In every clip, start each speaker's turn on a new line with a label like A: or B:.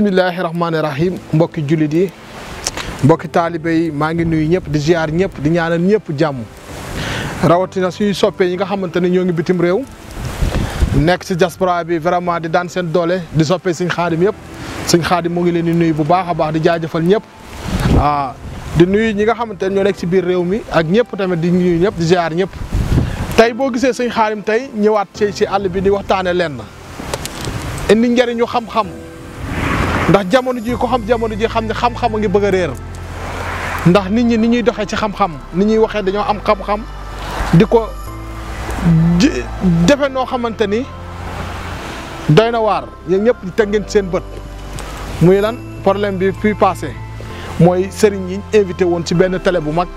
A: bisimilahi rahmaani rahim mbokki jullit yi mbokki taalibe maa ngi nuyu ñëpp di ziar ñëpp di ñaanal ñëpp jàmm rawatina suñu soppee yi nga xamante ne ñoo ngi bitim réew nekk ci diaspora bi vraiment di daan seen doole di soppee suñ xaadim yëpp suñ xaadim mu ngi leen di nuyu bu baax a baax di jaajëfal ñëpp ah di nuyu ñi nga xamante ne ñoo nekk ci biir réew mi ak ñëpp tamit di ñuy ñëpp di ziar ñëpp tey boo gisee suñ xaadim tey ñëwaat ci ci àll bi di waxtaane na indi njëriñu xam-xam ndax jamono ji ko xam jamono ji xam ne xam-xam nga bëgg reer ndax nit ñi ni ñuy doxé ci xam-xam ni ñuy waxé dañoo am xam-xam di ko no xamanteni doyna ni ñepp ñepp te ngeen seen bëtt muy lan problème bi fi passé moy sëriñ yi invité won ci benn télé bu mag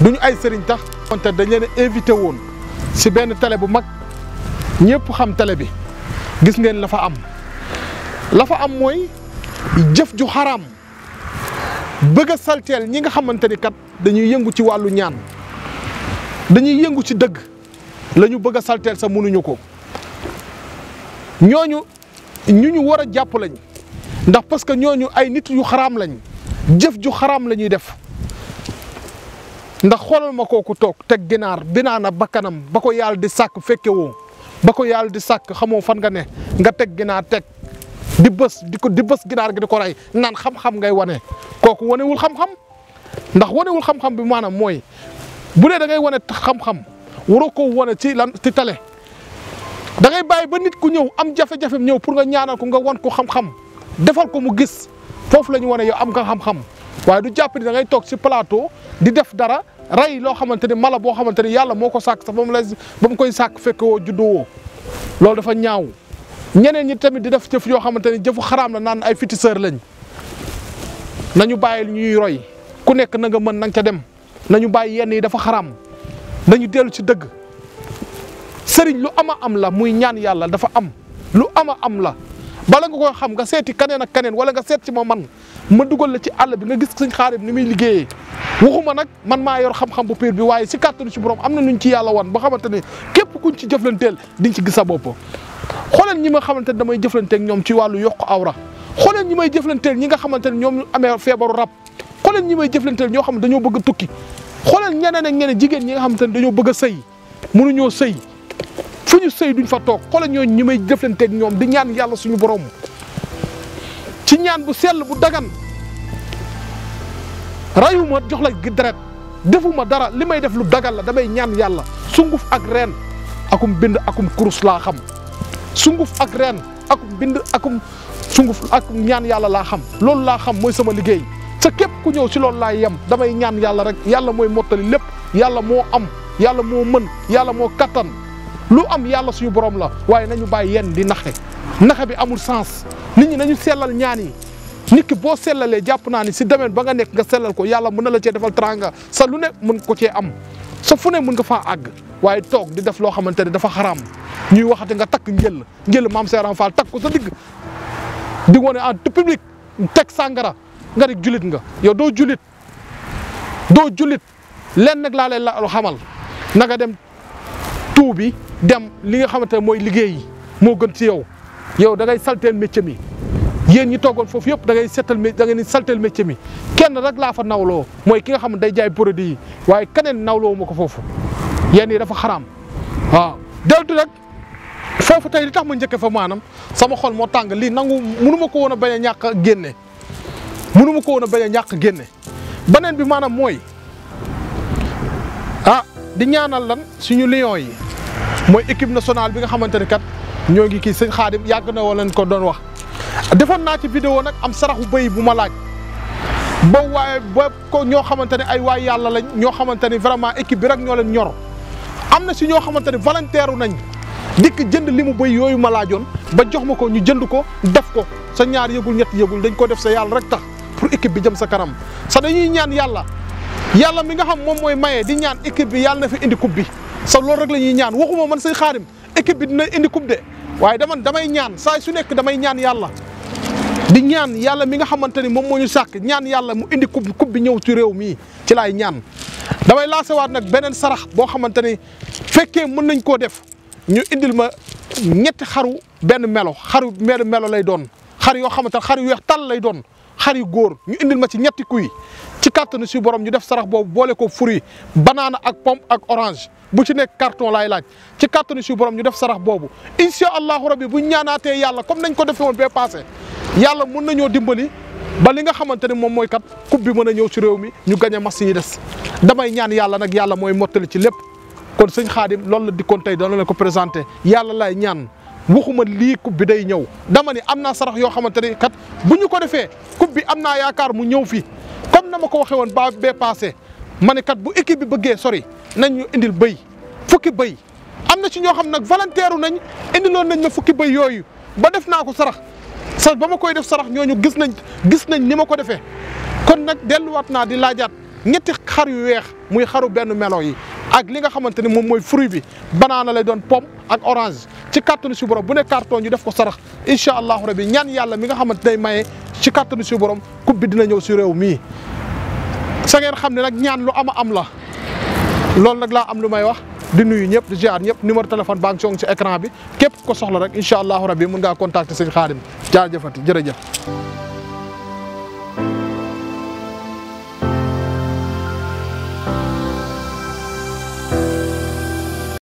A: duñu ay sëriñ tax wante dañ leen invité won ci benn télé bu mag ñepp xam télé bi gis ngeen la fa am la fa am moy jëf ju xaram bëgg a salteel ñi nga xamante ni kat dañuy yëngu ci wàllu ñaan dañuy yëngu ci dëgg lañu ñu bëgg a salteel sa mënuñu ko ñooñu ñu ñu war a jàpp lañ ndax parce que ñooñu ay nit yu xaraam lañ jëf ju xaram la ñuy def ndax xoolal ma ku toog teg ginaar a bakkanam ba ko yàlla di sàkk fekke woo ba ko yàlla di sàkk xamoo fan nga ne nga teg ginaar teg di bës di ko di bës ginaar gi di ko rey naan xam-xam ngay wane kooku wanewul xam-xam ndax wanewul xam-xam bi maanaam mooy bu dee da ngay wane xam-xam waroo ko wane ci lan ci tale dangay ngay bàyyi ba nit ku ñëw am jafe-jafe ñëw pour nga ñaanal ko nga wan ko xam-xam defal ko mu gis foofu la ñu wane yow am nga xam-xam waaye du jàpp ni da ngay toog si plateau di def dara rey loo xamante ni mala boo xamante ni yàlla moo ko sàkk sax ba mu lay ba mu koy sàkk fekk woo juddoo woo loolu dafa ñaaw. ñeneen ñi tamit di def jëf yoo xamante ne jëfu xaram la naan ay féticheur lañ nañu bàyyil ñuy roy ku nekk na nga mën na ca dem nañu bàyyi yenn yi dafa xaraam nañu dellu ci dëgg sëriñ lu ama am la muy ñaan yàlla dafa am lu ama am la. bala nga koy xam nga seeti kaneen ak kaneen wala nga seet ci ma man ma dugal la ci àll bi nga gis sëñ xaarim ni muy liggéeyee waxuma nag man maa yor xam-xam bu piir bi waaye si kàttanu ci borom am na nuñ ci yàlla wan ba xamante ne képp kuñ ci jëflanteel diñ ci gis sa bopp xooleen ñi ma xamante ne damay jëflanteeg ñoom ci wàllu yokk awra xooleen ñi may jëflanteel ñi nga xamante ne ñoom amee feebaru rab xooleen ñi may jëflanteel ñoo xam ne dañoo bëgg a tukki xooleen ñeneen ak ñeneen jigéen ñi nga xamante ne dañoo bëgg a sëy mënuñoo sëy suñu sey duñ fa toog xoolal ñoo ñimay may ak ñoom di ñaan yalla suñu borom ci ñaan bu sel bu dagan rayuma jox la deret defuma dara limay def lu dagal la damay ñaan yalla sunguf ak reen akum bind akum kurus la xam sunguf ak reen akum bind akum sunguf ak ñaan yalla la xam lool la xam moy sama liggey sa kep ku ñew ci lool la yam damay ñaan yalla rek yalla moy motali lepp yalla mo am yalla mo mën yalla mo katan lu am yalla suñu borom la waye nañu bàyyi yenn di naxé naxé bi amul sens nit ñi nañu sélal ñaan yi nit ki bo sélalé japp naa ni si domaine ba nga nek nga sélal ko yalla mëna la ci defal tranga sa lu ne mën ko ci am sa fu ne mën nga fa ag waye tok di def lo xamanteni dafa haram ñuy waxati nga tak ngeel ngeel maam Seeran Faal tak ko sa digg di woné en public tek sangara nga rek julit nga yow do julit do julit len nak la lay la xamal naga dem dem bi dem li nga xamante ne mooy liggéey moo gën ci yow yow da ngay salteel métier mi yéen ñi toogoon foofu yëpp da ngay setal da ngay salteel métier mi kenn rek laa fa nawloo mooy ki nga xam ne day jaay produit yi waaye keneen nawloo ma ko foofu yéen yi dafa xaraam waaw deltu nag foofu tey li tax ma njëkke fa maanaam sama xol moo tàng lii nangu munu ma ko woon a bañ a ñàkk a génne munu ko woon a bañ a génne beneen bi maanaam mooy ah di ñaanal lan suñu lion yi mooy équipe nationale bi nga xamante ni kat ñoo ngi kii sëñ Xaadim yàgg na wala leen ko doon wax. defoon naa ci vidéo nag am saraxu bëy bu ma laaj ba waaye ba ko ñoo xamante ne ay waay yàlla lañ ñoo xamante ni vraiment équipe bi rek ñoo leen ñor am na si ñoo xamante ni volontaire nañ dikk jënd li mu bëy yooyu ma laajoon ba jox ma ko ñu jënd ko def ko sa ñaar yëgul ñett yëgul dañ ko def sa yàlla rek tax pour équipe bi jëm sa kanam sa dañuy ñaan yàlla yàlla mi nga xam moom mooy maye di ñaan équipe bi yàlla na fi indi coupe bi. sa loolu rek la ñuy ñaan waxuma man sëñ xaadim équipe bi dina indi coupe de waaye dama damay ñaan saa su nekk damay ñaan yàlla di ñaan yàlla mi nga xamante ni moom moo ñu ñaan yàlla mu indi coupe coupe bi ñëw ci réew mii ci laay ñaan damay laasewaat nag beneen sarax boo xamante ni fekkee mën nañ koo def ñu indil ma ñetti xaru benn melo xaru benn melo lay doon xar yoo xamante ne xar yu weex lay doon xar yu góor ñu indil ma ci ñetti kuy ci kàttanu si borom ñu def sarax boobu boole ko fruit banaana ak pomme ak orange bu ci nekk carton laay laaj ci kàttanu si borom ñu def sarax boobu incha allahu rabi bu ñaanaatee yàlla comme nañ ko defee woon bee yàlla mun nañoo dimbali ba li nga xamante ne moom mooy kat coupe bi mën a ñëw ci réew mi ñu gañ a mas yi des damay ñaan yàlla nag yàlla mooy mottali ci lépp kon sëñ xaadim loolu la dikkoon tey dana la ko présenté yàlla laay ñaan waxuma lii coupe bi day ñëw dama ni am naa sarax yoo xamante ne kat bu ñu ko defee coupe bi am naa yaakaar mu ñëw fii na ko waxee woon ba bee passé ma ne bu équipe bi bëggee sori nañ ñu indil bëy fukki bëy am na ci ñoo xam nag volontaire nañ indiloon nañ ma fukki bëy yooyu ba def naa ko sarax sa ba ma koy def sarax ñooñu gis nañ gis nañ ni ma ko defee kon nag delluwaat naa di laajaat ñetti xar yu weex muy xaru benn melo yi ak li nga xamante ne moom mooy fruit bi banaana lay doon pom ak orange ci kàttanu si borom bu ne carton ñu def ko sarax incha allahu rabi ñaan yàlla mi nga xamante day maye si kàttanu si borom coupe bi dina ñëw si réew mii sa ngeen xam ne nag ñaan lu ama am la loolu nag laa am lu may wax di nuyu ñëpp di ziar ñëpp numéro téléphone baa ngi ci écran bi képp ko soxla rek incha allahu rabbi mun ngaa contacter sëñ Xaadim jaajëfati jërëjëf